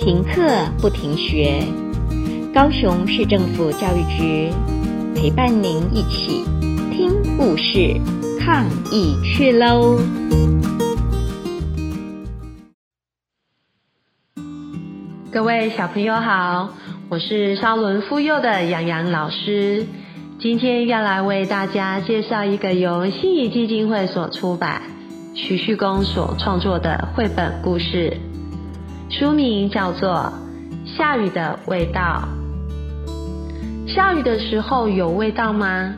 停課不停學，高雄市政府教育局陪伴您一起聽故事、抗疫去嘍！各位小朋友好，我是砂崙附幼的楊洋洋老師，今天要來為大家介紹一個由信誼基金會所出版、徐旭公所創作的繪本故事。書名叫做《下雨的味道》。下雨的時候有味道嗎？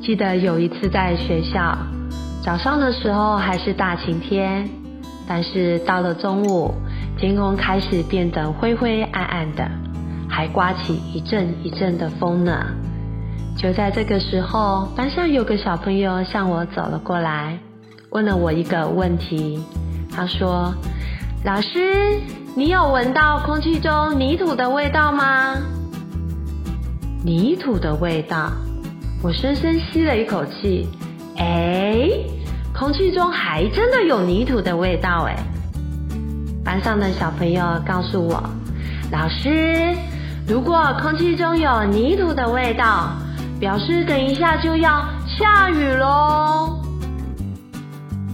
記得有一次在學校，早上的時候還是大晴天，但是到了中午，天空開始變得灰灰暗暗的，還颳起一陣一陣的風呢。就在這個時候，班上有個小朋友向我走了過來，問了我一個問題，他說：老師，你有聞到空氣中泥土的味道嗎？泥土的味道，我深深吸了一口氣，欸，空氣中還真的有泥土的味道欸。班上的小朋友告訴我，老師，如果空氣中有泥土的味道，表示等一下就要下雨嘍。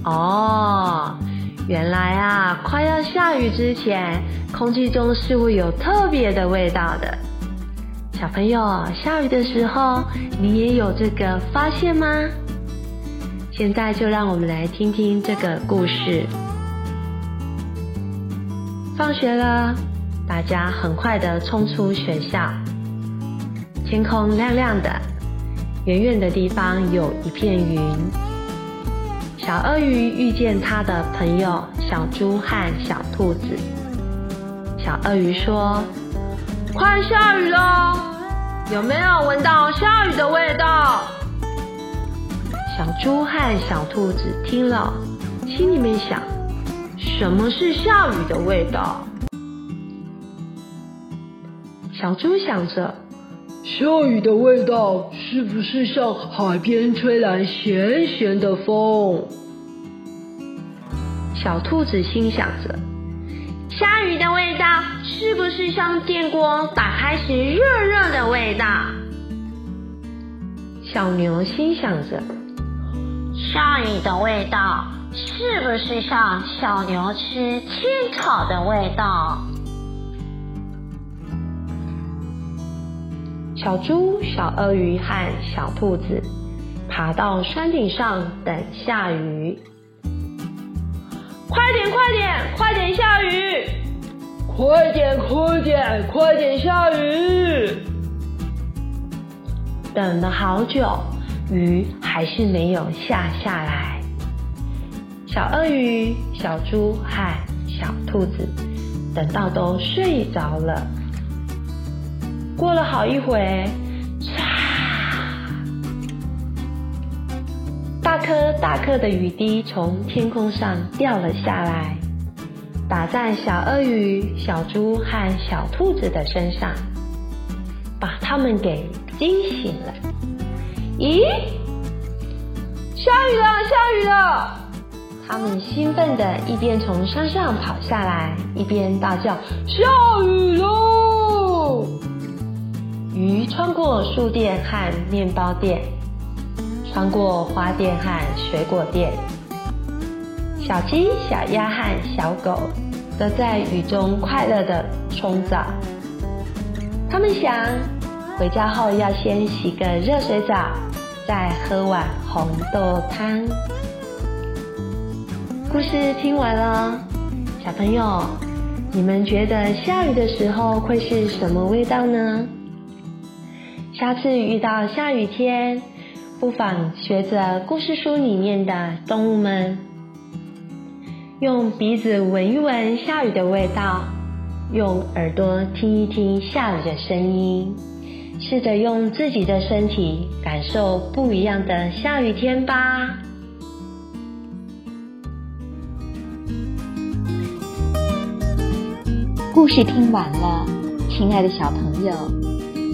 哦。原來啊，快要下雨之前，空氣中是會有特別的味道的。小朋友，下雨的時候，你也有這個發現嗎？現在就讓我們來聽聽這個故事。放學了，大家很快地衝出學校。天空亮亮的，遠遠的地方有一片雲。小鱷魚遇見他的朋友小豬和小兔子。小鱷魚說：“快下雨了，有沒有聞到下雨的味道？”小豬和小兔子聽了，心裡面想：“什麼是下雨的味道？”小豬想着。下雨的味道是不是像海邊吹來鹹鹹的風？小兔子心想着。下雨的味道是不是像電鍋打開時熱熱的味道？小牛心想着。下雨的味道是不是像小牛吃青草的味道？小豬、小鱷魚和小兔子爬到山頂上等下雨。快點，快點，快點下雨！快點，快點，快點下雨！等了好久，雨還是沒有下下來。小鱷魚、小豬和小兔子等到都睡着了。過了好一會兒，唰！大顆大顆的雨滴從天空上掉了下來，打在小鱷魚、小豬和小兔子的身上，把他們給驚醒了。咦，下雨了！下雨了！他們興奮的一邊從山上跑下來，一邊大叫：“下雨了！”書店和麵包店，穿過花店和水果店，小雞、小鴨和小狗都在雨中快樂地沖澡。他們想，回家後要先洗個熱水澡，再喝碗紅豆湯。故事聽完了，小朋友，你們覺得下雨的時候會是什麼味道呢？下次遇到下雨天，不妨學着故事書裡面的動物們，用鼻子聞一聞下雨的味道，用耳朵聽一聽下雨的聲音，試着用自己的身體感受不一樣的下雨天吧。故事聽完了，親愛的小朋友。